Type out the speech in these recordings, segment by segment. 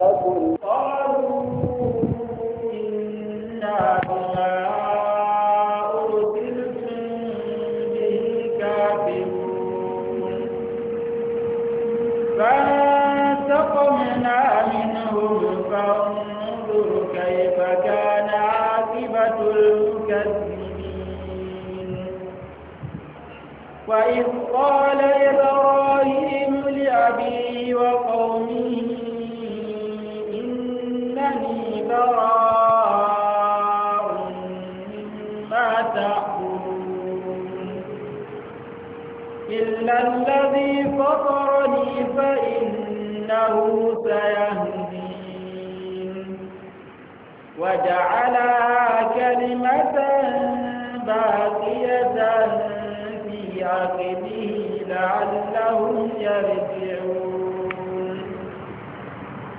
قالوا إنا بما أرسلتم به كافرون فانتقمنا منهم فانظر كيف كان عاقبة المكذبين وإذ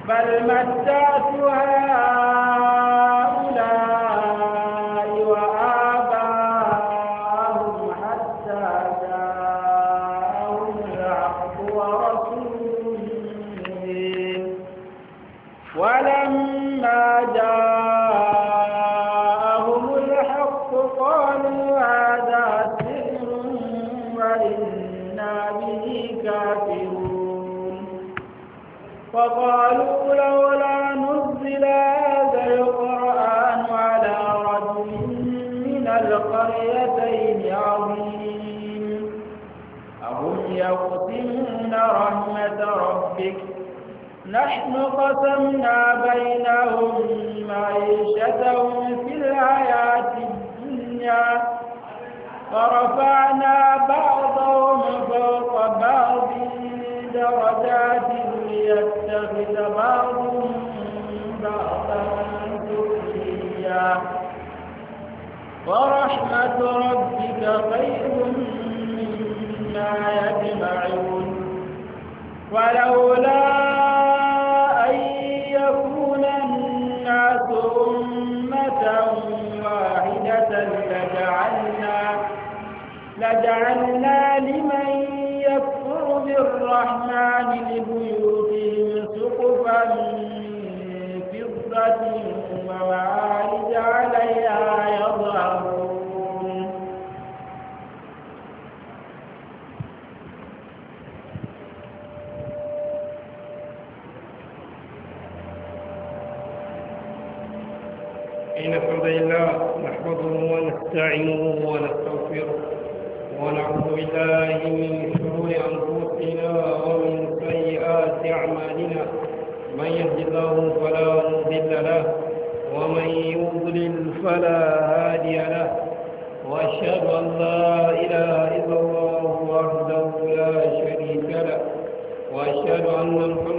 بل متعت هؤلاء وآباهم حتى جاءهم الحق ورسول ولما جاءهم الحق قالوا هذا سحر وإنا به كافرون فقالوا نحن قسمنا بينهم معيشتهم في الحياة الدنيا ورفعنا بعضهم فوق بعض درجات ليتخذ بعضهم بعضا سخريا ورحمة ربك خير مما يجمعون ولولا الرحمن لبيوتهم سقفا من فضة ومعارج عليها يظهرون إن الحمد لله نحمده ونستعينه ونستغفره ونعوذ بالله من شرور أنفسنا أنفسنا ومن سيئات أعمالنا من يهد الله فلا مضل له ومن يضلل فلا هادي له وأشهد أن لا إله إلا الله وحده لا شريك له وأشهد أن محمدا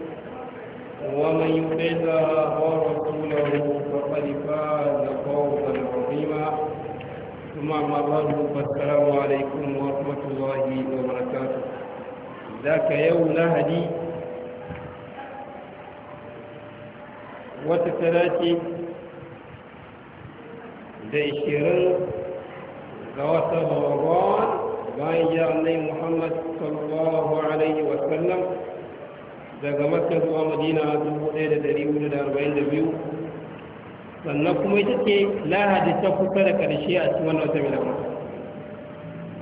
ومن يطع الله ورسوله فقد فاز فوزا عظيما ثم اما بعد فالسلام عليكم ورحمه الله وبركاته ذاك يوم لهدي وتتلاتي da ishirin ga watan ramadan bayan ya annai muhammad sallallahu alaihi wasallam daga makka zuwa madina biyu. sannan kuma ita ce lahadi ta kusa da ƙarshe a cikin wannan wata milawa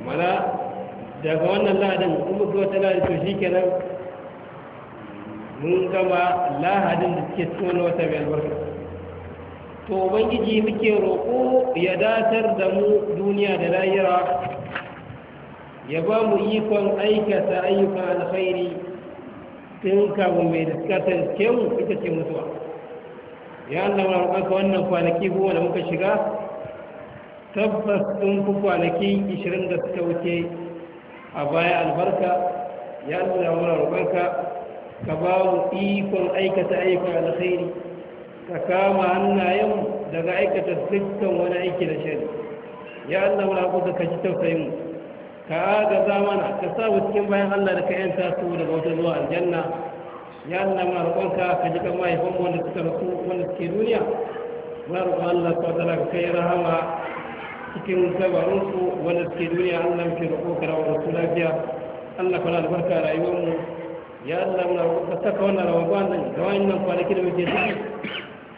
mana daga wannan lahadin kuma zuwa ta lahadi to shi kenan mun gama lahadin da suke cikin wannan wata mai albarka to ubangiji muke roƙo ya datar da mu duniya da lahira ya ba mu ikon aikata ayyukan alkhairi tun kawo mai riska ta riske ita ce mutuwa ya Allah muna ka wannan kwanaki goma da muka shiga tabbas sun fi kwanaki 20 da suka wuce a baya albarka ya Allah muna roƙonka ka ba mu ikon aikata ayyukan alkhairi ka kama hannayen daga aikata dukkan wani aiki da shari ya Allah muna roƙonka ka ji tausayin mu ka agaza mana ka sa mu cikin bayan Allah da ka yanta su daga wata zuwa aljanna ya Allah muna roƙonka ka ji kan mahaifan wanda suka rasu wanda suke duniya muna roƙon Allah ta wata ka kai rahama cikin gabarunsu wanda suke duniya Allah muke roƙo ka rawar su lafiya Allah kana albarka rayuwarmu ya Allah muna ka saka wannan rawaban nan da wani nan kwanaki da muke ciki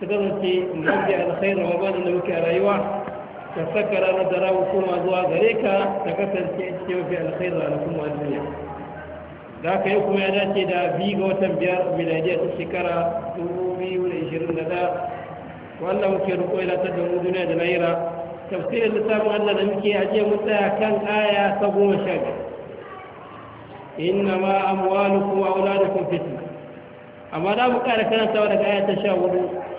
su kasance mafi alkhair rawaban da muke a rayuwa ka saka ranar da rawu koma zuwa gare ka ta kasance cikin mafi alkhairu a kuma duniya da aka yi kuma ya dace da biyu ga watan biyar miladiyar ta shekara 2021 wannan muke roƙo ila ta damu duniya da naira tafsirin littafin allah da muke ajiye mu tsaya kan aya ta goma sha biyar inna ma amwalukum wa auladukum fitna amma da mu ƙara karantawa daga aya ta sha hudu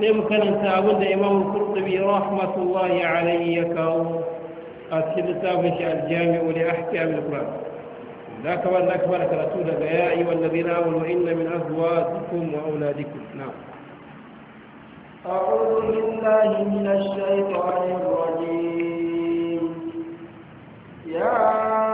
لم كان تعبد إمام القرطبي رحمة الله عليه كاو أكيد تابش الجامع لأحكام القرآن ذاك ما ذاك ما رسول يا أيها إن من أزواجكم وأولادكم نعم أعوذ بالله من الشيطان الرجيم يا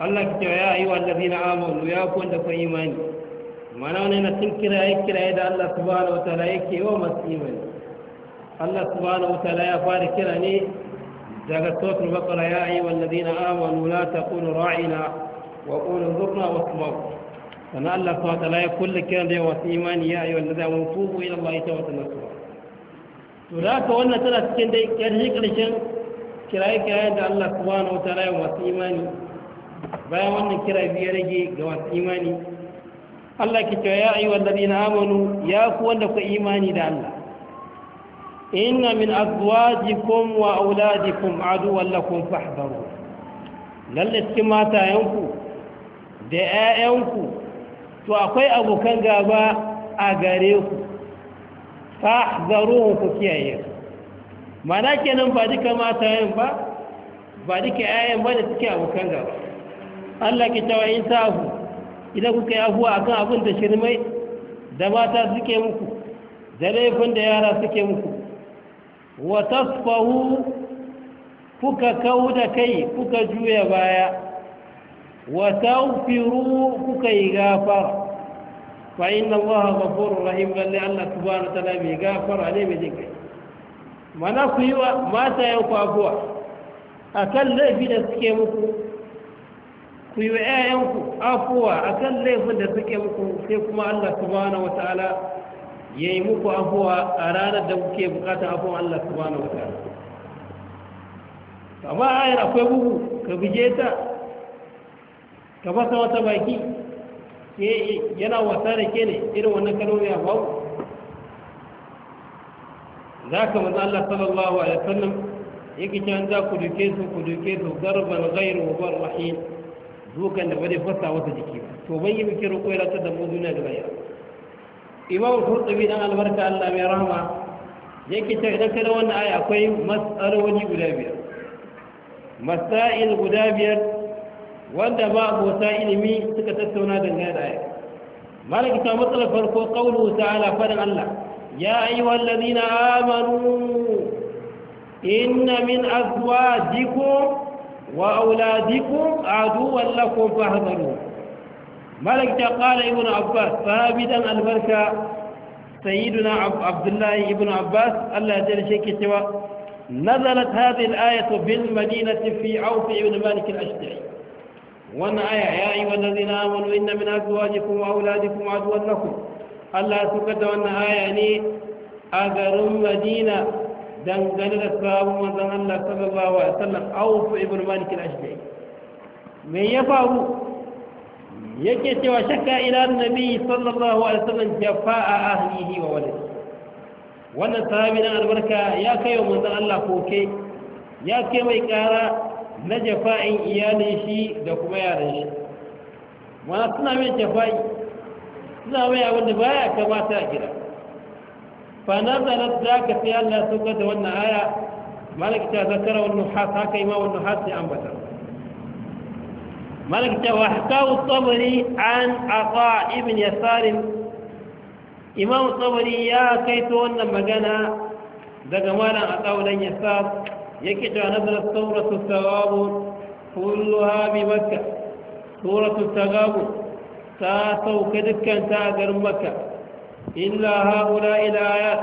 Allah ke cewa ya ayyuha allazina amanu ya ku wanda kun imani mana wannan na cin kiraye kiraye da Allah subhanahu wataala yake wa masu imani Allah subhanahu wataala ya fara kira ne daga suratul baqara ya ayyuha allazina amanu la taqulu ra'ina wa qulu dhurna wasma'u sana Allah subhanahu wataala ya kullu kiran da wasu imani ya ayyuha allazina amanu tubu ila Allah tawbatan nasuha to da haka wannan tana cikin dai karshe karshen kiraye kiraye da Allah subhanahu wataala ya wasu imani bayan wannan kira biyu rage ga wasu imani Allah ke cewa ya ayi wallazi na amanu ya ku wanda ku imani da Allah inna min azwajikum wa auladikum aduwwan lakum fahdharu lalle cikin matayenku da 'ya'yanku to akwai abokan gaba a gare ku fahdharu ku kiyaye mana kenan ba duka matayen ba ba duka 'ya'yan ba da suke abokan gaba Allah ke cewa in sahu idan kuka yi afuwa akan abin da shirmai da mata suke muku da laifin da yara suke muku wa tasfahu kuka kau da kai kuka juya baya wa tawfiru kuka yi gafar fa inna Allah ghafur rahim lalle Allah subhanahu wa ta'ala mai gafara ne mai jinka mana ku yi wa mata yau kwa afuwa akan laifi da suke muku ku yi wa 'ya'yanku afuwa a kan laifin da suke muku sai kuma Allah subhanahu ta'ala ya yi muku afuwa a ranar da kuke bukatar afuwa Allah subhanahu wata'ala amma ayar akwai bugu ka bije ta ka fasa wata baki yana wasa da ke ne irin wannan kalori a babu za ka maza Allah sallallahu alaihi wasallam yake can za ku duke su ku duke su garban gairu wa rahim zukan da bai fasa wata jiki ba to ban yi muke roƙo ya latar da mu duniya da bayan imam kurtubi dan albarka Allah mai rahama yake ta idan kada wannan aya akwai mas'aloli guda biyar masail guda biyar wanda ba abota ilimi suka tattauna dangane da aya malaki ta matsalar farko qawlu ta'ala fadan Allah ya ayyuhal ladina amanu inna min azwajikum wa auladikum aduwwan lakum fahdharu malik ta qala ibn abbas sabidan albarka sayyiduna Abdullahi ibn abbas allah ya jalla shi cewa nazalat hadhihi al-ayatu bil madinati fi awf ibn malik al-ashdari wannan aya ya ayi wannan amanu inna min azwajikum wa auladikum aduwwan lakum allah ya da wannan aya ne a garin madina dangane da sabon manzon Allah sallallahu alaihi wasallam Auf ibnu Malik al-Ashja'i me ya faru yake cewa shakka ila nabi sallallahu alaihi wasallam jafa'a ahlihi wa walidi wannan sahabi dan albarka ya kai wa manzon Allah koke ya kai mai kara na jafa'in iyalin shi da kuma yaran shi wannan suna mai jafa'i suna mai abin da baya kamata a gida فنزلت ذاك في الله سوكت وأن آية ملك تذكر والنحاس هكا إمام والنحاس أنبتا ملك وحكاه الطبري عن عطاء ابن يسار إمام الطبري يا كيت لما مجانا ذا مالا عطاء لن يسار يكت نزل الثورة الثواب كلها بمكة سورة الثواب تاسو كدكا تاقر مكة, a illa haula ila ayat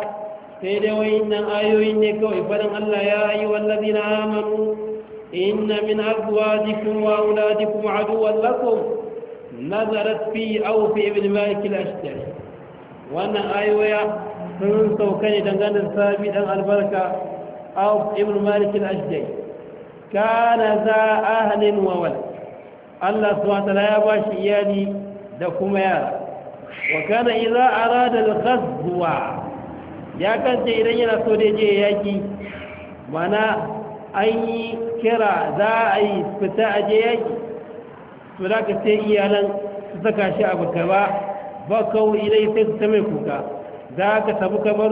sai dai wayannan ayoyin ne kawai faɗin Allah ya ayyuhal na amanu inna min azwajikum wa auladikum aduwwan lakum nazarat fi aw fi ibn malik al-ashdari wannan ayoya sun sauka ne dangane da sabi dan albarka aw ibn malik al-ashdari kana za ahlin wa walad Allah subhanahu wa ta'ala ya bashi iyali da kuma yara wakana iza arada al-ghazwa ya kance idan yana so da je yaki mana an kira za a yi fita a je yaki to da ka sai iyalan su saka shi a gaba ba kawai idan sai su ta mai kuka za ka tabu kamar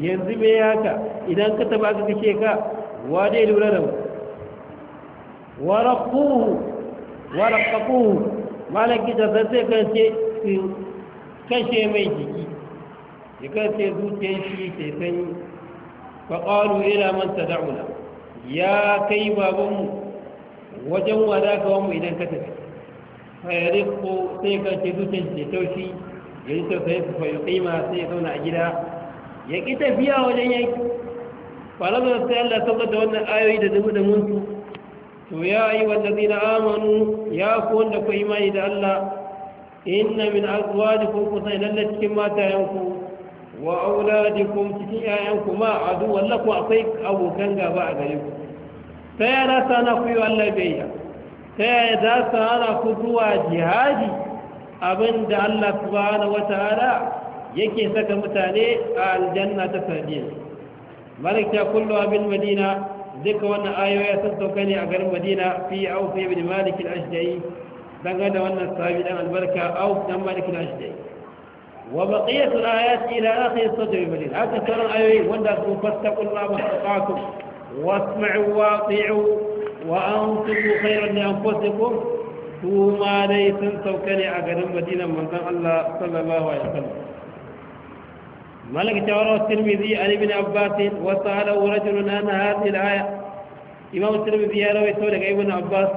yanzu me yaka idan ka taba ka kace ka wa dai lura da warqu waraqquhu malaki da zai kance kashe mai jiki ya kasance zuciyar shi ke sanyi faƙaru ila manta tada'una ya kai babanmu wajen wada mu idan ka tafi fayarik ko sai ka ce zuciyar shi ke taushi ya yi tausayi su fayu ƙima sai ya zauna a gida ya ƙi tafiya wajen yanki da sai Allah saukar da wannan ayoyi da dubu da muntu to ya yi wanda zina amanu ya ku wanda ku imani da Allah inna min azwajikum kun sai lalle cikin wa auladikum cikin yayanku ma adu wallaku akwai abokan gaba a gare ku Sai ya za na ku yi Allah bayya ta yaya za su hana ku zuwa jihadi abin Allah subhanahu wata'ala yake saka mutane a aljanna ta sanadiyar malakta kullu abin madina duka wannan ayoyi sun sauka ne a garin madina fi aufi bin malik al-ashja'i dangane da wannan sahabi dan albarka au dan malik da shi wa baqiyatul ayat ila akhir sadr al haka karan ayoyi wanda su fastaqullaha mastaqatum wasma'u wati'u wa anfiqu khayran li anfusikum kuma dai sun sauka ne a garin madinan manzon Allah sallallahu alaihi wasallam ملك جوار الترمذي عن ابن عباس وسأله رجل عن هذه الآية إمام الترمذي روي سورة ابن عباس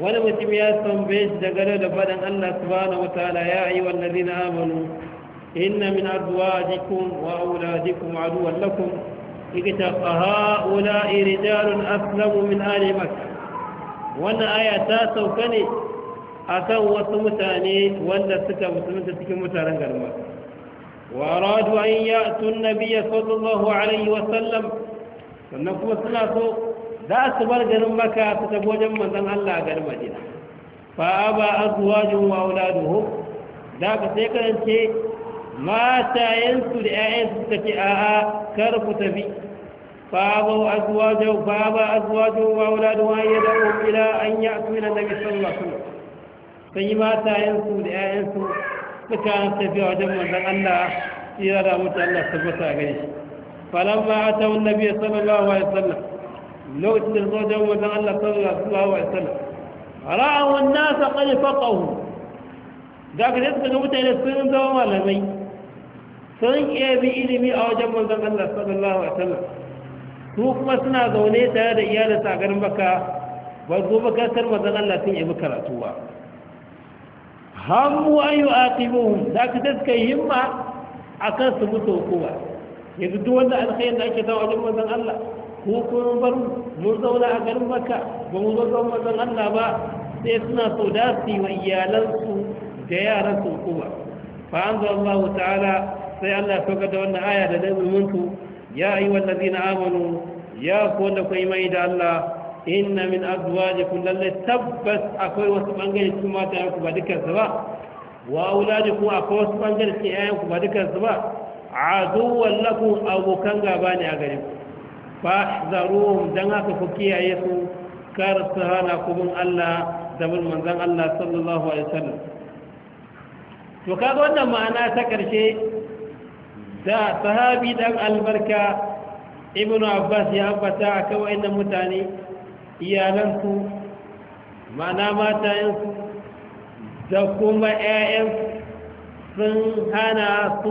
wani mutum ya tambaye shi dangane da faɗin Allah subhanahu wa ta'ala ya ayyuhal ladina amanu inna min azwajikum wa auladikum aduwwan lakum iktafa ha'ula'i rijalun aslamu min ali makkah wannan aya ta sauka ne akan wasu mutane wanda suka musulunta cikin mutanen garma wa aradu an ya'tu an-nabiyya sallallahu alaihi wa sallam sannan kuma suna so za su bar garin maka su tafi wajen manzan Allah a Madina fa ba azwajun wa auladuhu da ka sai karance matayensu da ƴaƴansu suka a a kar ku tafi fa ba azwajun fa ba azwajun wa auladuhu an yad'u ila an ya'tu ila nabi sallallahu alaihi wasallam sai matayensu da su suka tafi wajen manzan Allah tsira da mutu Allah tabbata gare shi falamma atawun nabi sallallahu alaihi wasallam lokacin da zo jan wajen Allah sallallahu alaihi wasallam ra'awu an-nas qad faqahu da ka yadda ga mutane sun zama malamai sun iya bi ilimi a wajen wajen Allah sallallahu alaihi wasallam su kuma suna zaune tare da iyalinsa a garin baka ba zo bukatar manzon Allah sun yi karatu ba hammu an yi aqibuhum da ka yi himma a kan su mutu hukuma yanzu duk wanda alkhairin da ake tawa wajen wajen Allah mu bar mun zauna a garin maka ba mu zo zama mazan Allah ba sai suna so da su yi wa iyalansu da yaran su kuma fa an zo Allah ta'ala sai Allah ya saukar da wannan aya da nabi muntu ya ayi wallazina amanu ya ku wanda ku mai da Allah inna min azwajikum lallai tabbas akwai wasu bangare cikin mata yanku ba dukkan su ba wa ku akwai wasu bangare cikin ku ba dukkan su ba aduwwan lakum abokan gaba ne a gare ku fahzaruhum dan haka ku kiyaye su kar su hana ku Allah da bin manzan Allah sallallahu alaihi wasallam to kaga wannan ma'ana ta karshe da sahabi dan albarka ibnu abbas ya ambata akan wayannan mutane iyalansu ma'ana matayensu da kuma 'ya'yansu sun hana su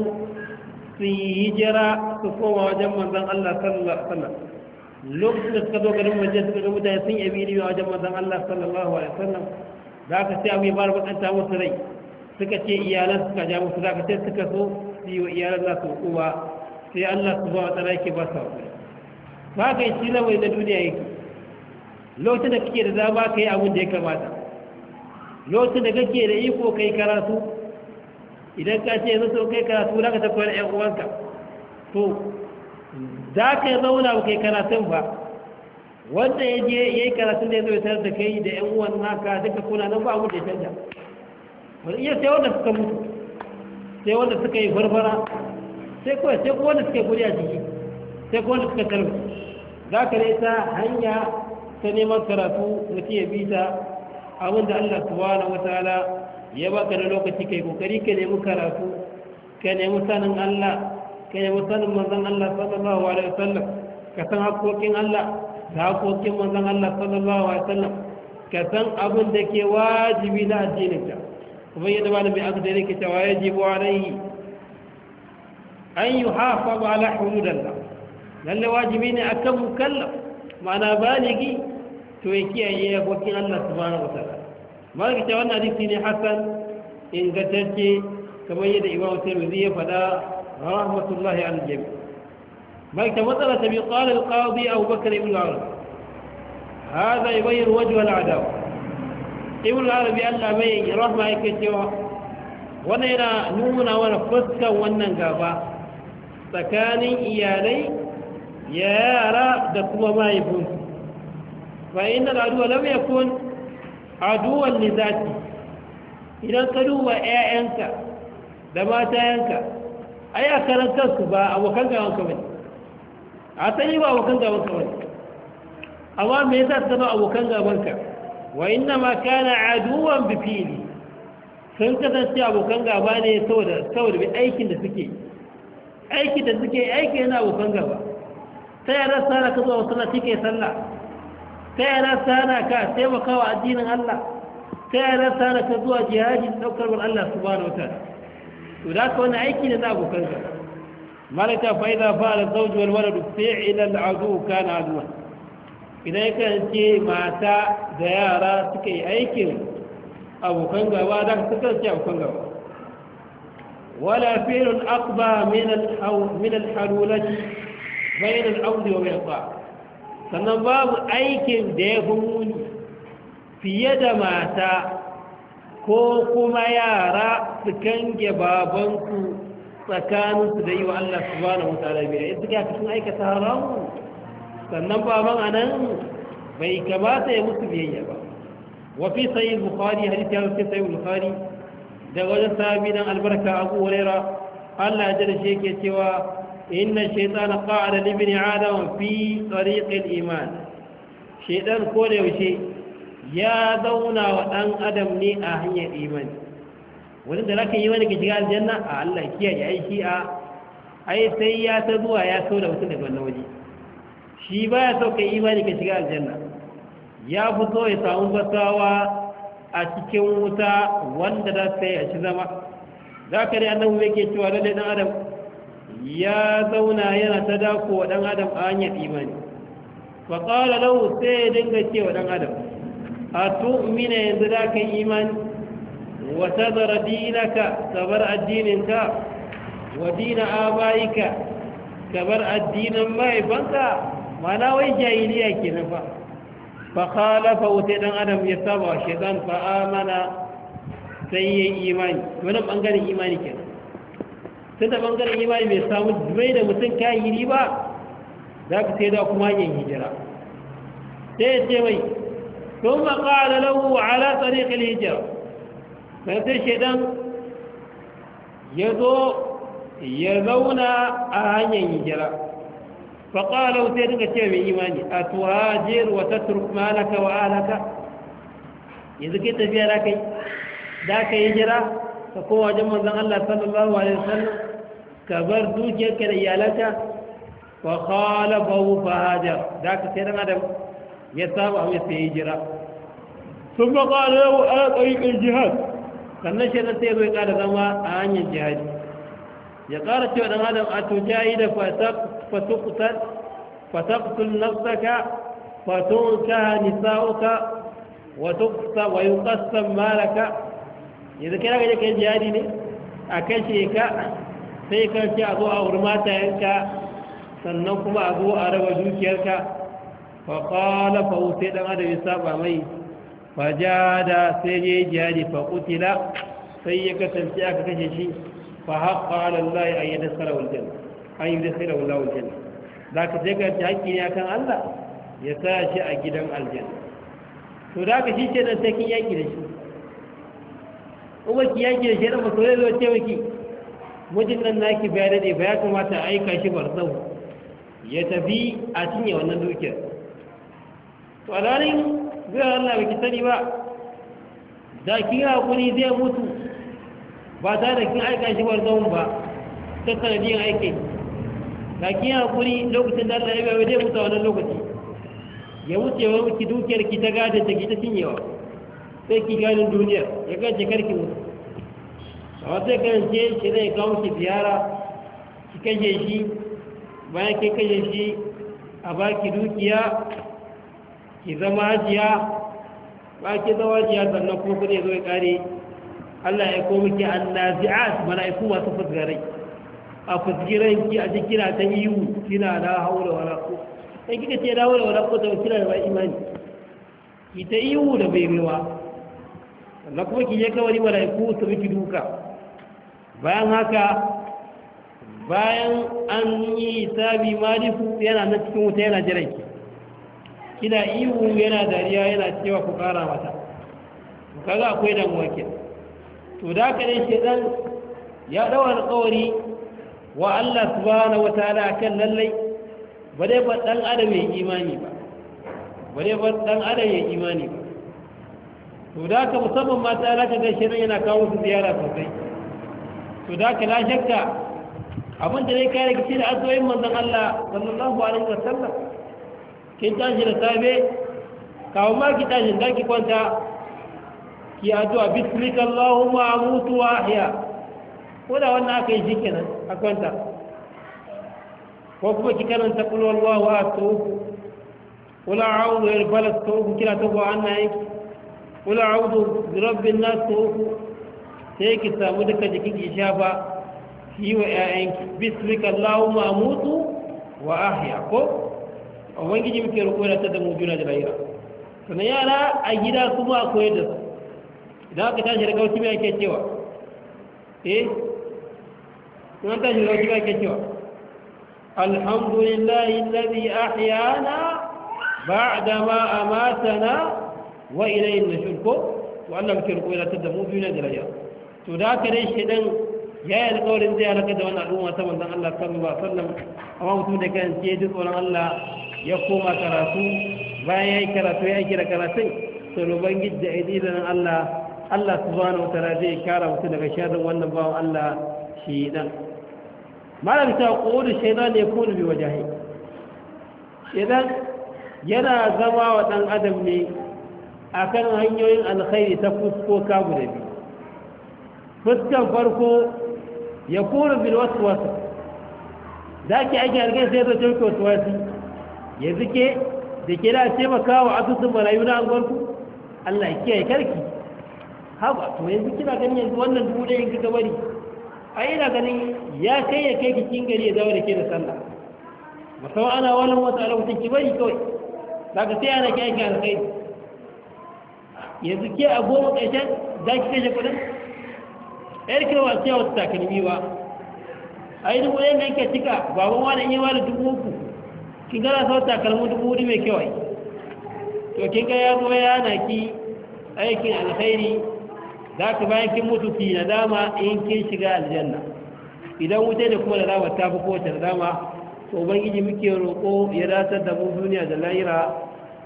su yi hijira su koma wajen manzan Allah sallallahu alaihi wasallam lokacin da suka zo garin waje suka ga mutane sun yi abiri a wajen manzan Allah sallallahu alaihi wasallam da aka sai abu bar fara bakanta musu rai suka ce iyalan suka ja musu da aka sai suka so su yi wa iyalan za su uwa sai Allah su ba wa tsara yake ba su hakuri ba ka yi shi lamari na duniya yake lokacin da kake da ba ka yi abin da ya kamata lokacin da kake da iko kai karatu idan ka ce yanzu sau kai karatu za ka ta koyar ‘yan uwanka to za ka yi zauna ba kai karatun ba wanda ya je ya yi karatun da ya zai tarar da kai da ‘yan uwan naka duka kuna nan ba a da ya canja wani iya sai wanda suka mutu sai wanda suka yi farfara sai kawai sai kuma wanda suka yi kuriya jiki sai kuma wanda suka karbi za ka ne ta hanya ta neman karatu mutum ya bi ta da allah subhanahu wa ta'ala ya baka da lokaci kai kokari ka nemi karatu ka nemi sanin Allah ka nemi sanin manzon Allah sallallahu alaihi wasallam ka san hakokin Allah da hakokin manzon Allah sallallahu alaihi wasallam ka san abin da ke wajibi na ka kuma yadda ba mai aka dare ke cewa yajibu alaihi an ba ala hududillah lalle wajibi ne akan mukallaf ma'ana baligi to ya kiyaye hakokin Allah subhanahu wa ta'ala malaka ce wannan hadisi ne hasan ingantacce kamar yadda imamu tirmidhi ya faɗa rahmatullahi alal jami malaka matsala ta bi qala al qadi abu bakr ibn al هذا يبين وجه العداوة ابن العربي الله بي رحمة يكتوى وانا هنا نومنا وانا فسكا وانا نقابا سكاني إيالي يارا دكما ما يكون فإن العدو لم يكن aduwan lizati idan ka duba 'ya'yanka da matayanka ai a karantar su ba abokan gaban ka bane a sani ba abokan gaban ka bane amma me yasa ta zama abokan gaban ka wa inna ma kana aduwan bi fili sun kasance abokan gaba ne saboda saboda bi aikin da suke aiki da suke aiki yana abokan gaba ta yara na ka zuwa na take sallah ta rasa na ka taimakawa addinin Allah ta rasa na ka zuwa jihadi da ɗaukar wa Allah da wata to da ka wani aiki ne na abokan ka malaka fa idza fa'ala zawj wal walad fi'ila azu adu kana aduwa idan ka ce mata da yara suka yi aikin abokan gaba da suka ce abokan gaba ولا minan أقبى من الحلولة بين الأرض وبين الطاعة sannan babu aikin da ya fi muni fiye da mata ko kuma yara su kange babanku tsakaninsu da yi wa Allah su bane mutane biya ya suka fi sun aikata haramu sannan baban a nan bai kamata ya mutu biyayya ba wafi sayi bukari hadisi ya fi sayi bukari da wajen sabi dan albarka abu wurera Allah ya jira ke cewa inna shaitan qa'ala li ibn adam fi tariq al iman shaitan ko da yaushe ya zauna wa dan adam ne a hanyar iman wannan da zaka yi wani ga shiga aljanna a Allah kiya ya yi shi a ai sai ya ta zuwa ya saura wutun daga wannan waje shi ba ya sauka imani ga shiga aljanna ya fito ya samu basawa a cikin wuta wanda za ta yi shi zama za ka dai annabu mai cewa lalle dan adam ya zauna yana ta dako wa ɗan adam a hanyar imani ba ƙara lau sai ya dinga ce wa ɗan adam a tu'mina yanzu da ka imani wa zara dinaka ka bar addininka wa dina abayika ka bar addinin ma mana wai jahiliya ke nan fa fa khalafa wuce ɗan adam ya saba wa zan fa'amana sai ya imani wani ɓangaren imani kenan tun da bangaren imani mai samu mai da mutum kayi ba za ka sai da kuma yin hijira sai ya ce mai sun maƙala a ala tsariƙin hijira mai sai shaidan ya zo ya zauna a hanyar hijira faƙalau sai duka ce mai imani a tuhajer wata turkmanaka wa alaka yanzu ke tafiya da kai da ka yi jira ka kowa wajen manzon Allah sallallahu alaihi wasallam ka bar dukiyarka da iyalanka wa khalafahu fa hajar da ka sai dan adam ya saba mai yi jira. sun ba qala lahu ala tariqil jihad sannan shi zai ya kada zama a hanyar jihar. ya ƙara cewa dan adam a to jahida fa tuqtal fa taqtul nafsaka فتنكه نساؤك وتقسم ويقسم مالك yanzu kai raka yake jihadi ne a kashe ka sai ka ce a zo a hurmata matayenka sannan kuma a zo a raba dukiyarka fa qala fa sai dan adam ya saba mai fa jada sai yi jihadi fa qutila sai ya kasance aka kashe shi fa haqqa ala allah yi yadkhula al janna an yadkhula allah al janna zaka je ka ci hakki ne akan Allah ya sa shi a gidan aljanna to da ka shi ce dan sai kin yaki da shi kuma ki yake da shaidan masu sai zo ce miki mijin nan naki bai dade ba ya kamata a aika shi barzau ya tafi a cinye wannan dukiyar to a ranar zuwa Allah ba ki sani ba da yi hakuri zai mutu ba za da kin aika shi barzau ba ta sanadiyar aiki da yi hakuri lokacin da Allah ya bai zai mutu a wannan lokaci ya wuce wani ki dukiyar ki ta gada ta ki ta cinyewa sai ki ganin duniya ya kace karki mutu a wata karance shi zai kawo shi ziyara ki kaje shi bayan ki kaje shi a baki dukiya ki zama hajiya ba ki zama hajiya sannan kuma kudi zo ya kare Allah ya komi ki annazi'at mala'iku masu fuzgarai a fusgiran ki a kira ta yiwu kina na haura wala ko sai kika ce na haura wala ko ta kina da imani ki ta yiwu da bai rewa na kuma ki je kawai mala'iku su miki duka bayan haka bayan an yi hisabi malifu yana nan cikin wuta yana jiran ki kina ihu yana dariya yana cewa ku kara mata kaga akwai damuwa wakil to da haka ne dan ya dawo alƙawari wa Allah subhanahu ta'ala kan lallai ba dai ba dan adam ya imani ba ba ba dan adam ya imani ba to da ka musamman mata za ka gaishe nan yana kawo su ziyara sosai to da ka na shakka abin da zai kare kici da azoyin manzan Allah sallallahu alaihi wa sallam kin tashi da safe kawo ma ki tashi da ki kwanta ki addu'a bismika allahumma amutu wa ahya ko da wannan aka yi shikenan a kwanta ko kuma ki karanta qul a tsohu Kula a a'udhu bil falaq to kira tsohu a hannayenki kula audu rabbin nasu sai ki samu duka jikin ki yi wa ƴaƴanki bismika allahumma mutu wa ahya ko ubangiji muke roƙo da ta da mu juna da rayuwa sannan yara a gida kuma a koyar da su idan aka tashi daga wasu mai ake cewa eh an tashi daga wasu mai ake cewa alhamdulillahi alladhi ahyana ba'da ma amatana wa ilayhin nushur ko to Allah muke roƙo ya tada mu biyu na jiraya to da haka dai shedan ya yi alƙawarin zai halaka da wannan al'umma ta manzon Allah sallallahu alaihi wasallam amma mutum da kan ce duk tsoron Allah ya koma karatu bayan ya yi karatu ya yi karatun to ubangiji da idilan Allah Allah subhanahu wataala zai kara mutum daga sharrin wannan bawan Allah shedan malam ta qulu shaytan yakunu bi wajhihi shedan yana zama wa ɗan adam ne akan hanyoyin alkhairi ta fuskoka guda biyu fuskan farko ya kura bil waswasa zaki ake algai sai zo cikin waswasi ya zike da kira taimaka wa asusun malayu na angonku Allah ya kiyaye karki haba to yanzu kina ganin yanzu wannan dubu ɗaya kika bari a ina ganin ya kai ya kai kikin gari ya dawo da ke da sallah musamman ana wani wata a lokacin ki bari kawai daga sai ana kiyaye alkhairi yanzu ke a goma ƙarshen za ki kashe kudin yar kirwa sai wata takalmi ba a yi dubu ɗaya da yake cika baban wani yi wani dubu uku kin gana sau takalmi dubu hudu mai kyawai to kin ga ya zo ya na ki aikin alkhairi za ka bayan kin mutu ki nadama in kin shiga aljanna idan wuce da kuma dama ta fi kowace nadama to ubangiji muke roƙo ya datar da mu duniya da lahira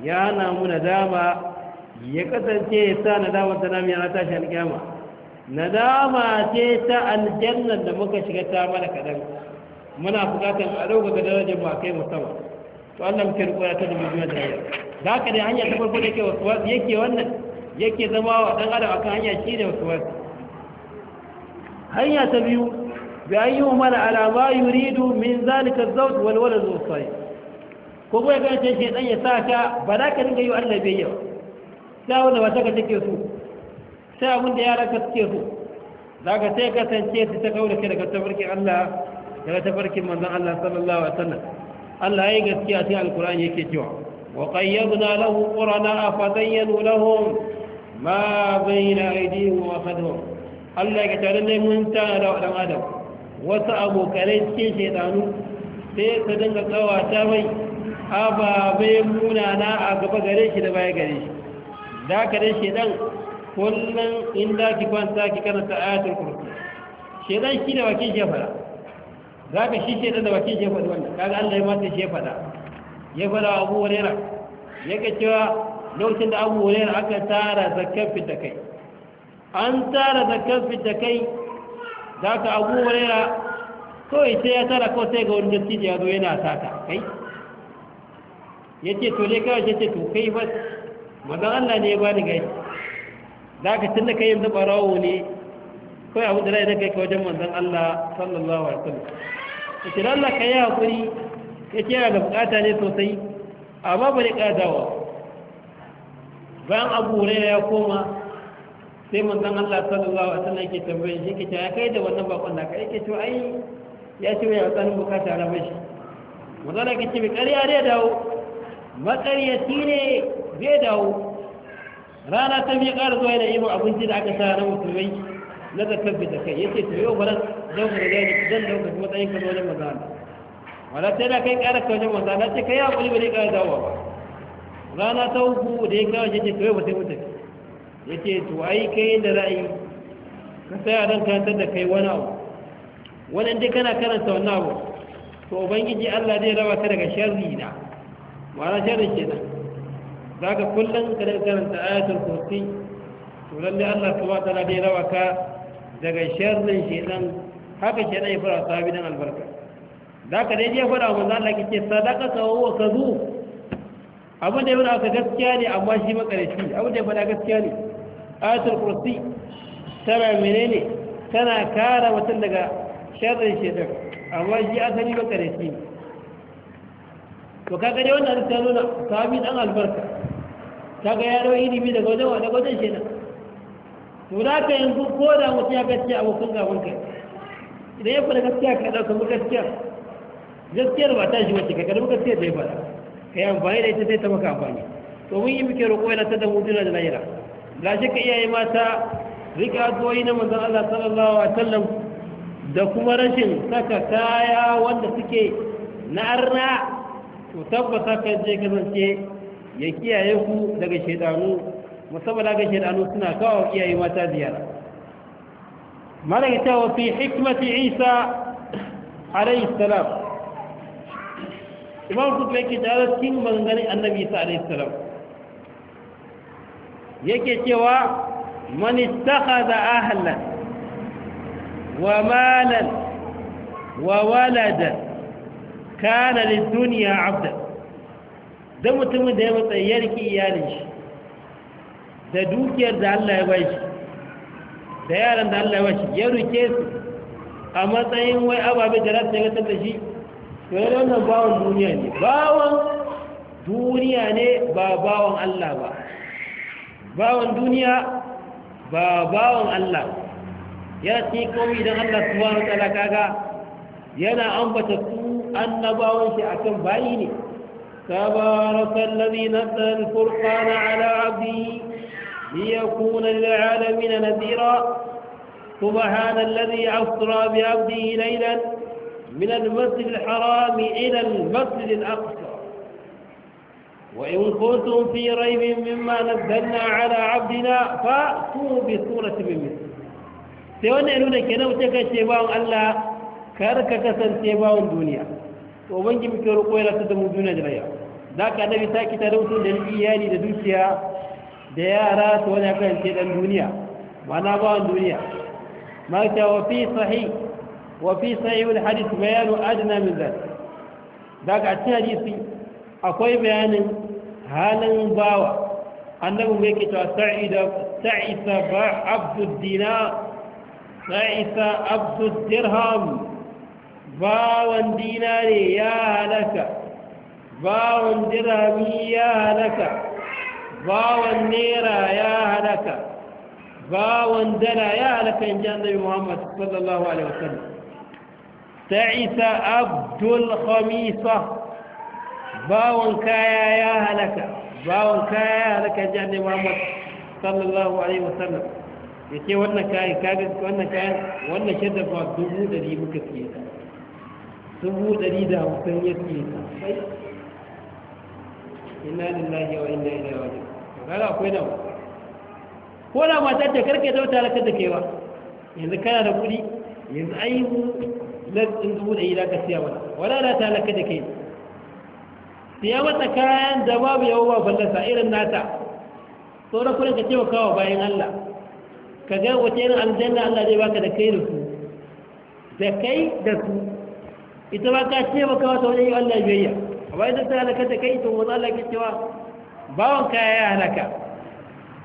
ya hana mu nadama ya kasance ya sa nadamar ta nami yana tashi alƙiyama nadama ce ta aljannan da muka shiga ta mana kadan. muna bukatar a ga darajar ba kai musamman to Allah muke rikoya ta dubu biyu da yau da haka dai hanya ta farko da ke wasu yake wannan yake zama wa dan adam akan hanya shi ne wasu wasu hanya ta biyu bi an yi mana alama yuridu min zalika zaut wal walad wasai ko kuma ya ce shi dan ya sa ka ba za ka dinga yi Allah bai yawa sai wanda ba ka take su. sai abin da yara ka suke su. za ka sai kasance su ta kawo da ke daga tafarkin Allah daga tafarkin manzan Allah sallallahu alaihi wasallam Allah ya yi gaskiya sai alkur'an yake cewa wa na lahu qurana a zayyanu lahum ma bayna aydihim wa khadhum Allah ya tare ne mun ta da dan adam wasu abokanai cikin shedanu sai su dinga kawata mai ababai munana a gaba gare shi da baya gare shi da haka dai shedan kullum inda za ki kwanta ki karanta ayatul kursi shedan shi da wakil shi fara za ka shi shedan da wakil shi faɗi wanda kaga Allah ya mata shi faɗa ya faɗa wa Abu ya ka cewa lokacin da Abu Hurairah aka tara zakkan fita kai an tara zakkan fita kai za ka Abu Hurairah kawai sai ya tara ko sai ga wani dattijo ya zo yana sata kai yace to ne kawai yace to kai fa mazan Allah ne ya ba ni gai za ka tun da kai yanzu barawo ne kawai abu da rai da kai ka wajen mazan Allah sallallahu alaihi wasallam ya ce Allah ka yi haƙuri ya ce yana da bukata ne sosai amma bari ƙadawa bayan abu huraira ya koma sai mazan Allah sallallahu alaihi wasallam ke tambayin shi yake ya kai da wannan bakon da kai ke to ai ya ce ya tsanin bukata na shi mazan Allah ke ce mai ƙarya ne dawo maƙaryaci ne zai dawo rana ta biyu ƙara zuwa yana irin abinci da aka sa na musulmai na zakar da kai yake to yau baran zan ku da gani zan dauka kuma tsayin ka zo wajen maza wala sai da kai ƙara ka wajen ta ce kai hakuri ba zai ƙara dawowa ba rana ta uku da ya kawo shi ce to yau ba sai mu tafi ce to ai kai da ra'ayi ka saya don karantar da kai wani abu wani inda kana karanta wannan abu to ubangiji Allah zai raba ka daga sharri da ma'ana sharri kenan za ka kullum ka daga karanta ayatul kursi to lalle Allah kuma da dai rawa ka daga sharrin shedan haka ke ya fara sabi dan albarka za ka dai je fara manzo Allah kike sadaka ka wa ka abin da ya fara ka gaskiya ne amma shi makarici abin da ya fara gaskiya ne ayatul kursi tara menene tana kare mutum daga sharrin shedan amma shi asali shi? to kaga dai wannan ta nuna sabi dan albarka kaga yaro ilimi daga wajen wa daga wajen shi to da ka yin ko da mutum ya gaskiya abokan gaban kai idan ya fara gaskiya ka ɗauka mu gaskiya gaskiyar ba ta shi wacce ka karbi gaskiya da ya fara ka yi amfani da ita sai ta maka amfani to mun yi muke roƙo yana ta da mutuna da lahira ga shi ka iyaye mata rika addu'o'i na manzon Allah sallallahu alaihi wasallam da kuma rashin saka kaya wanda suke na arna to tabbata ka je kasance ya kiyaye ku daga shaidanu musamman daga shaidanu suna kawo kiyaye mata ziyara malaka wa fi hikmati isa alayhi salam imam kutuba yake tare cikin maganganun annabi isa alayhi salam yake cewa man ittakhadha ahlan wa malan wa waladan kana lid abdar. da mutumin da ya matsayi ya riki iyalin shi da dukiyar da Allah ya bai shi da yaran da Allah ya bai shi ya ruke su a matsayin wai ababe da rasu ya da shi yau da wannan bawon duniya ne bawon duniya ne ba bawon Allah ba bawon duniya ba bawon Allah ya ce komi don Allah subhanahu wa ta'ala kaga yana ambata su annabawan shi akan bayi ne تبارك الذي نزل الفرقان على عبده ليكون للعالمين نذيرا سبحان الذي أسرى بعبده ليلا من المسجد الحرام إلى المسجد الأقصى وإن كنتم في ريب مما نزلنا على عبدنا فأتوا بصورة من مثل sai wannan ya nuna kenan wuce kan ce to ubangiji muke roƙo ya rasu da mu duniya da rayuwa za ka annabi ta kita da mutum da iyali da dukiya da yara ta wani akan ce dan duniya ma'ana bawan duniya ma ta wa fi sahih wa fi sahih al hadith bayanu adna min dhalik da ka cikin hadisi akwai bayanin halin bawa annabi mai ke cewa sa'ida sa'isa ba abdud dinar sa'isa abdul dirham باون ديناري يا لك باون درامي يا لك باون نيرا يا لك باون دلا يا لك إن جان النبي محمد صلى الله عليه وسلم تعيس عبد الخميصة باون كايا يا لك باون كايا يا لك إن جان النبي محمد صلى الله عليه وسلم يكي وانا كاي كاي kayan wannan kayan wannan shaddar ba dubu da ribu dubu ɗari da hamsin ya ta sai ina lillahi wa inna ilaihi waje. kaga akwai nawa ko da matar da karke da wata halakar da kewa? ba yanzu kana da kuɗi yanzu ai lardin dubu ɗari da ka siya mata wala da ta halakar da ke. siya mata kayan da babu yawo ba fallasa irin nata sauran kudin ka taimaka wa bayan Allah ka ga wata irin aljanna Allah zai baka da kai da su da kai da su ita ba ka ce taimaka wata wajen yi Allah biyayya amma idan ta halaka ta kai ita wata Allah ke cewa bawan kaya ya halaka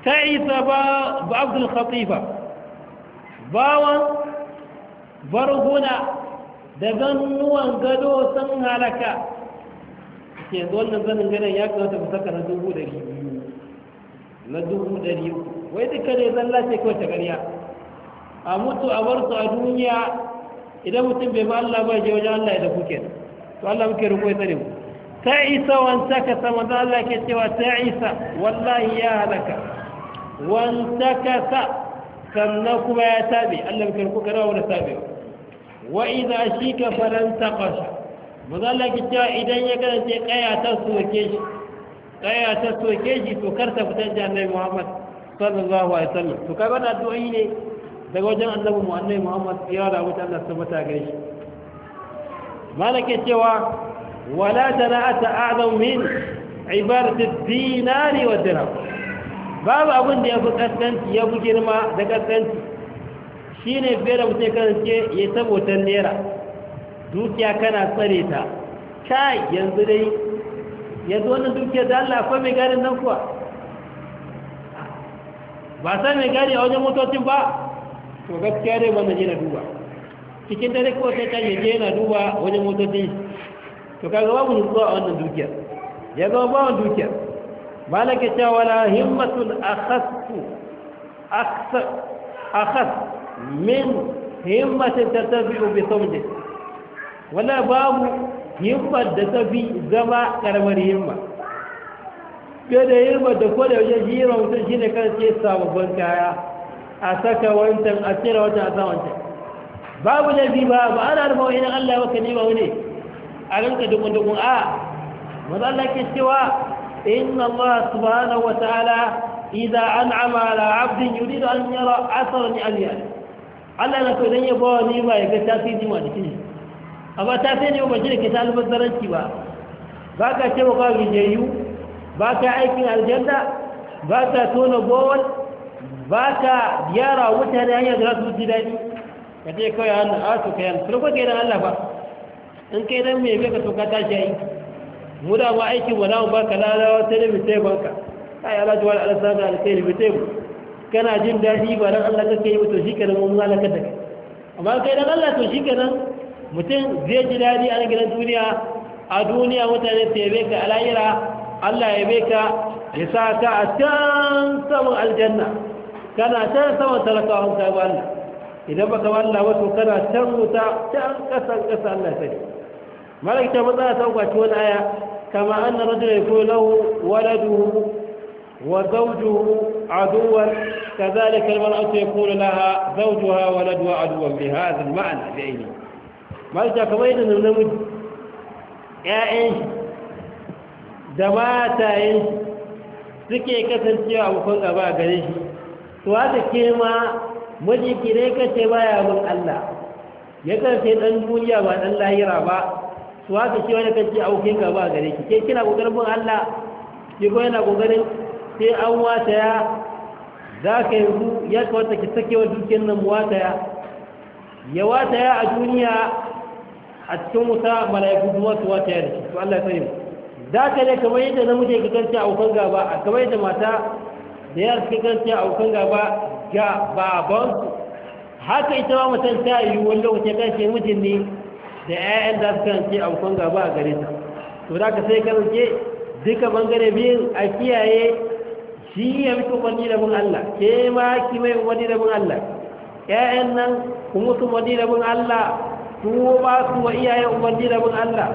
ta isa ba ba abdul khatifa bawan barhuna da ganuwan gado sun halaka ke wannan zanin gadon ya kamata mu saka na dubu ɗari biyu na dubu ɗari uku wai duka ne zan ce kawai ta ƙarya a mutu a bar su a duniya idan mutum bai ba Allah ba je wajen Allah ya da kuke to Allah muke roƙo ya tsare mu ta isa wanta ka sa manzo Allah ke cewa ta isa wallahi ya halaka wanta ka sa sannan kuma ya tabe Allah muke roƙo kana wani tabe wa shi ka faran taqasha manzo Allah ke cewa idan ya kasance kaya ta soke shi kaya ta soke shi to kar ta fitar da Muhammad sallallahu alaihi wasallam to kaga wannan addu'o'i ne daga wajen annabi muhammadu muhammad ya da wuce allah su mata gai shi ke cewa wala sana'ata a'zam min ibarati dinari wa dirham babu abin da ya fi kaskanci ya fi girma da kaskanci shine fiye da mutum kasance ya sabotan naira dukiya kana tsare ta kai yanzu dai yanzu wannan dukiyar da allah akwai mai garin nan kuwa ba sai mai gari a wajen motocin ba to gaskiya dai wannan yana duba cikin dare ko sai ta yaje yana duba wajen motoci to kaga babu nutsuwa a wannan dukiya ya zama wannan dukiya malaka ta wala himmatul akhasu akhas min himmatin tatabi'u bi sawji wala babu himmat da ta fi zama karamar himma fiye da himma da kodayaushe shi jira mutum shi ne kan ce sababbin kaya a saka wancan a tsira wancan a sa wancan babu laifi ba ba ana rufa wani Allah maka ne ba wani a ranka dukun dukun a maza Allah ke cewa inna Allah subhanahu wa ta'ala idza an'ama ala 'abdin yuridu an yara athara ni'amihi Allah na ko dan yabo ni ba ya ga tasiri ma dake amma tasiri ba shi da ke ta albazaranci ba ba ka ce ba ka gijeyu ba ka aikin aljanna ba ka tona bowal ba ka gyara wuta da hanyar da za su ji daɗi ka je kawai hannun a su kayan turkwa ke da allah ba in kai nan mai ka tuka ta shi yi mu da ma aikin mu namu baka lalawa sai da mutai A yi Allah ta wala Allah sa da alkai mutai mu kana jin daɗi ba nan Allah ka kake yi ka nan mun halaka da kai amma kai dan Allah to nan mutum zai ji daɗi a gidan duniya a duniya mutane ta yabe ka a Allah ya yabe ka ya sa ka a can saman aljanna kana can sama talakawan ka ba Allah idan baka ba Allah wato kana can wuta can kasan kasa Allah sani malaka matsala ta kwaci wani aya kama anna rajula yakunu lahu waladuhu wa zawjuhu aduwan كذلك المرأة يكون لها زوجها ولدها عدوا بهذا المعنى بعينه ما يجب كما يدن النمج يائن دماتا سكي كثن سيا وكون أبا قريش to haka ke ma majiki ne ka ce baya bin Allah ya kan sai dan duniya ba dan lahira ba to haka ke wani kace auke ka ba gare ki ke kina kokarin bin Allah ki ko yana kokarin sai an wata ya za ka yanzu ya kawata ki take wa dukiyar nan wata ya ya wata ya a duniya a cikin wuta mala'iku kuma su wata ya da shi to Allah ya sani za ka ne kamar yadda namiji ya kanta a aukan gaba kamar yadda mata sai ya suka kasance a wukan gaba ga babansu haka ita ma mutum ta yi wani lokaci kan ce mijin ne da 'ya'yan da suka kasance a wukan gaba a gare ta to da ka sai kasance duka bangare biyun a kiyaye shi ya miki umarni da bin Allah ke ma ki mai umarni da bin Allah 'ya'yan nan kuma su umarni da bin Allah su ba su wa iyayen umarni da bin Allah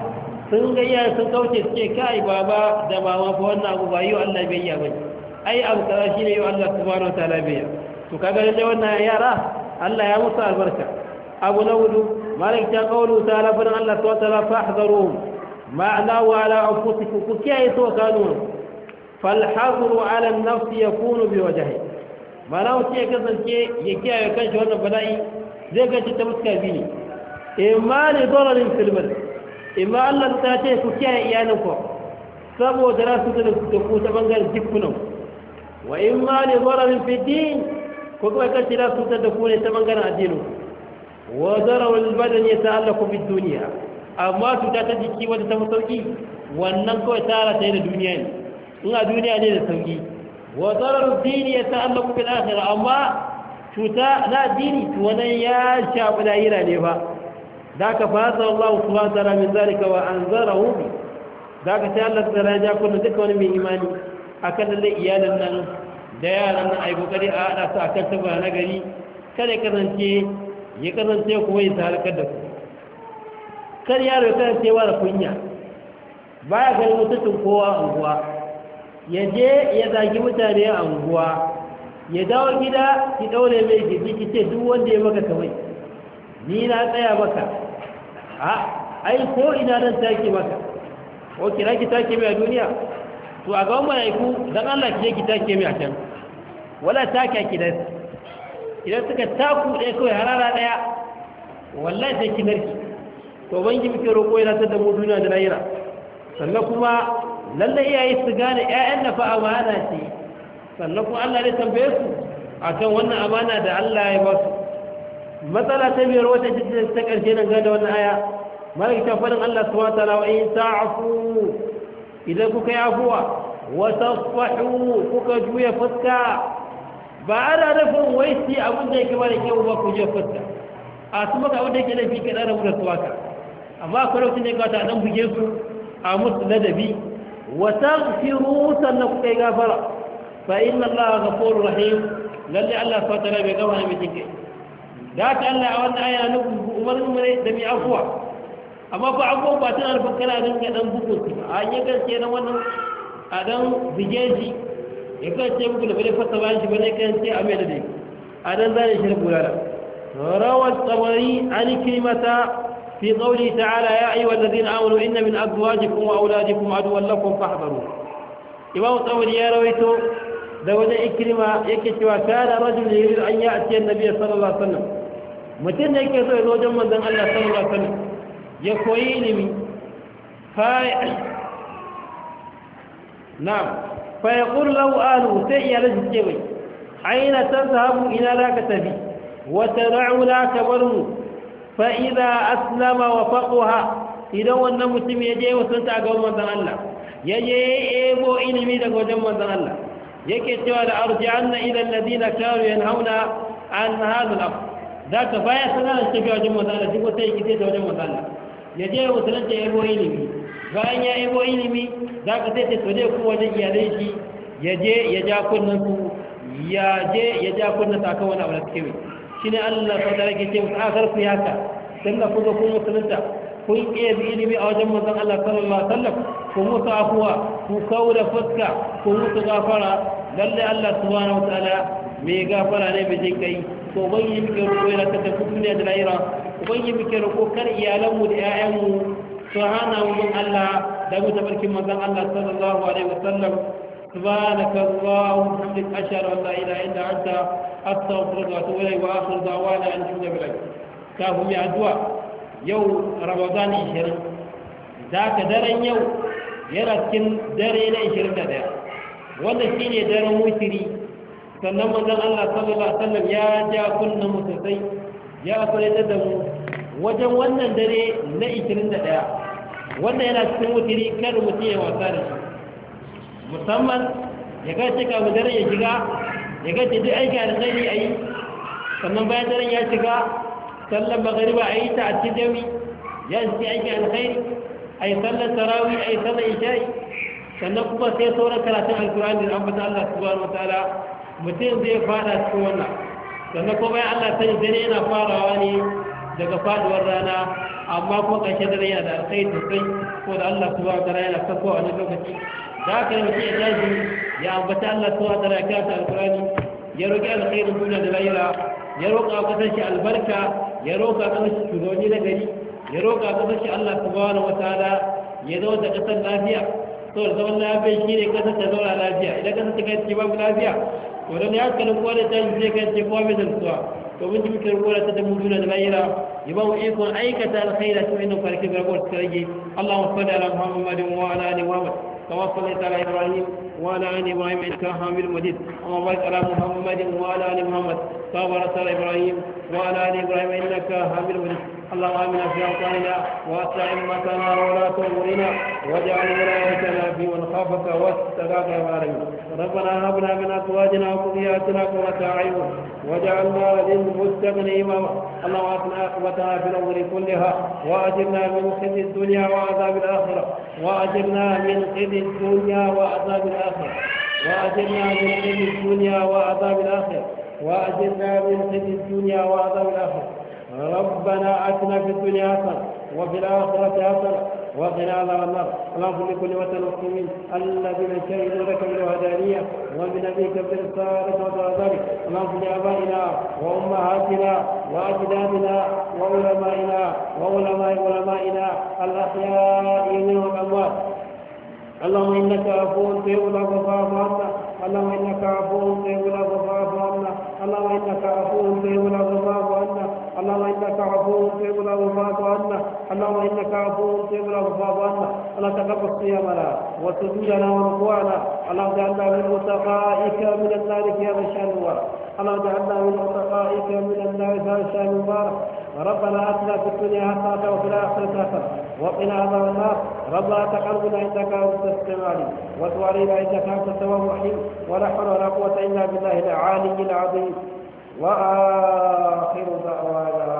sun ga iyayen sun kauce suke kai baba da mama fa wannan abu ba yi wa Allah biyayya bane ai abu kaza shine yau Allah subhanahu wataala biya to kaga da wannan yara Allah ya musu albarka abu na hudu malik ta qawlu ta'ala fa Allah subhanahu wataala fahdharuhum ma'ana wa ala anfusikum ku kiyaye to kanu fal hadru ala an-nafs yakunu bi wajhi mana wuce ya kasance ya kiyaye kanshi wannan bala'i zai gaci ta fuska biyu ne imma ne dolarin filmin imma Allah ta ce ku kiyaye iyalinku saboda rasu da ku ta bangaren jikunan wa in ma li dararin fi ko kuma kace da su da ku ne ta bangaren addini wa darawul badan yata'allaqu bid duniya. amma cuta ta jiki wanda ta sauki wannan kawai tara ta yi da duniya ne in a duniya ne da sauki wa darar dini ya ta'allaku bil akhirah amma cuta na dini wani ya shafi lahira ne ba. fa zaka fasa Allah subhanahu wa ta'ala min zalika wa anzarahu Da ka ta Allah ta raja kullu duka wani mai imani akan da iyalin nan da yaran nan ai kokari a hada su akan tabba na gari kada kasance ya kasance kuma ya halakar da ku kar yaro ya kasance wa da kunya ya ganin mutuncin kowa a unguwa ya je ya zagi mutane a unguwa ya dawo gida ki daure mai gidi ki ce duk wanda ya maka kamai ni na tsaya maka a ai ko ina nan take maka ko kira ki take mai a duniya to a gaban mala'iku dan Allah ki je ki take mai a can wala ta ki da idan suka taku ɗaya kawai harara ɗaya wallahi sai ki narki to bangi muke roƙo yana ta da mu duniya da lahira sannan kuma lalle iyaye su gane ƴaƴan da fa amana ce sannan kuma Allah ne tambaye su kan wannan amana da Allah ya ba su matsala ta biyar wata ta ƙarshe dangane da wannan aya malaka ta faɗin Allah subhanahu wa ta'ala wa in ta'fu idan kuka yi afuwa watasfahu kuka juya fuska ba ana nufin waisi abin da yake ba da kyau ba ku juya fuska a su maka abin da yake laifi ka ɗara wuta suwaka amma akwai lokacin da ya kawata ɗan buge su a musu ladabi wata firu na kuka yi gafara fa inna allaha ghafurur rahim lalle allah fa tara bai gama mai jinkai da ta allah a wannan aya na umarni mu ne da mai afuwa amma ba abubuwa tana da kankana don ya dan bugu su a hanyar gaske na wannan a dan bige shi ya kanci bugu da bane fasa bayan shi bane kanci a mai da dai a dan zane shi da gudana rawar tsawari an kirmata fi tsauri ta ala ya ayi wanda zai na'amuru inda min azuwa ji kuma a kuma a duwan lakon fahabaru tsawari ya rawaito da wani ikirma yake cewa kada rajin da yiri an yi a cikin nabiya sallallahu alaihi wasallam mutum da yake so ya zo wajen manzon allah sallallahu alaihi wasallam ya koyi ilimi na'am fa yaqul law alu sai iyalan su ce bai aina tazhabu ina la ka tafi wa tad'u la ka barmu fa idza aslama wa faqaha idan wannan mutum ya je wasanta a gaban manzon Allah ya je ebo ilimi daga wajen manzon Allah yake cewa da arji'anna ila alladhina kanu yanhauna an hadha al-amr da ka baya sanar da shi wajen manzon Allah duk wata yake da wajen manzon Allah ya je ya musulunta ya yabo ilimi bayan ya yabo ilimi za ka sai to zai kuma wajen iyalai shi ya je ya ja kunnen su ya je ya ja kunnen sa kan wani abu mai shi ne allah sau da rage ce musu akar ku yaka tun da kun zo kun musulunta kun iya bi ilimi a wajen manzon allah sallallahu sallam ku kun musu afuwa ku kawo da fuska kun musu gafara lallai allah subhanahu wa ta'ala mai gafara ne mai jin kai ko ban yi miki ruwa yana ta tafi duniya da lahira ubangi muke roƙo kar iyalanmu da 'ya'yanmu su hana mu bin Allah da mu tabarkin manzon Allah sallallahu alaihi wasallam سبحانك اللهم وبحمدك اشهد ان لا اله الا انت استغفرك واتوب اليك واخر دعوانا ان الحمد لله كافهم يا دعاء يوم رمضان 20 ذاك درن يوم yana cikin dare na 21 wanda shi daren wutiri sannan manzon Allah sallallahu alaihi wasallam ya ja kunna mu ya kwaitar da mu wajen wannan dare na 21 wannan yana cikin wutiri kan mutum ya wasa da shi musamman ya ga cika mu dare ya shiga ya ga duk aiki alkhairi a yi sannan bayan daren ya shiga sallan magariba a yi ta a cikin jami ya shi aiki alkhairi a yi sallan sarawi a yi sallan isha'i sannan kuma sai sauran karatun alkur'ani da ambata Allah subhanahu wa ta'ala mutum zai fada cikin wannan sannan ko bayan Allah sai dare yana farawa ne daga faduwar rana amma ko ƙarshe dare yana da alkai sosai ko da Allah su ba tara yana kasowa wani lokaci da haka ne mutum ya tashi ya ambata Allah su ba tara ya kasa alkurani ya roƙi alkhairin duniya da lahira ya roƙa kasar shi albarka ya roƙa kasar shi shugabanni na gari ya roƙa kasar shi Allah subhanahu wataala ya zo da kasar lafiya to zaman lafiya shi ne kasar ta zauna lafiya idan kasar ta kai babu lafiya wadanda ya kalli kowa da tashi zai kai ce kowa mai zantuwa to mun ji muke rubuta ta damu juna da bayira ya ba mu ikon aikata alkhaira ta wannan kwanaki da rabuwar suka rage Allahumma salli ala Muhammadin wa ala ali Muhammad kama sallaita ala Ibrahim wa ala ali Ibrahim innaka Hamidum Majid amma barik ala Muhammadin wa ala ali Muhammad وبارك على إبراهيم وعلى آل إبراهيم إنك حميد مجيد اللهم آمنا في أوطاننا وأسع أمتنا ولا أمورنا واجعل ولايتنا في من خافك واستغاثك يا العالمين ربنا هب لنا من أزواجنا وذرياتنا قرة أعين واجعلنا للمستغني إماما اللهم أتنا أخوتنا في الأمور كلها وأجرنا من خزي الدنيا وعذاب الآخرة وأجرنا من خزي الدنيا وعذاب الآخرة وأجرنا من خزي الدنيا وعذاب الآخرة وأجرنا من خزي الدنيا وعذاب الآخرة ربنا آتنا في الدنيا حسنة وفي الآخرة حسنة وقنا عذاب النار اللهم لكل وطن المسلمين الذين شهدوا لك بالوهدانية وبنبيك بالرسالة وبذلك اللهم لآبائنا وأمهاتنا وأجدادنا وعلمائنا وعلماء علمائنا الأحياء منهم الأموات اللهم إنك عفو تهب الغفار اللهم إنك عفو تهب الغفار اللهم انك عفو تهب العظماء عنا اللهم انك عفو تهب العظماء عنا اللهم انك عفو تهب العظماء عنا اللهم تقبل صيامنا وسجودنا وركوعنا اللهم اجعلنا من متقائك من النار في هذا الشهر المبارك اللهم اجعلنا من متقائك من النار في هذا الشهر المبارك ربنا اتنا في الدنيا حسنه وفي الاخره حسنه وقنا عذاب النار ربنا تقربنا عندك واستستمعني وتوارينا عندك انت التواب الرحيم ولا حول ولا قوه الا بالله العالي العظيم واخر دعوانا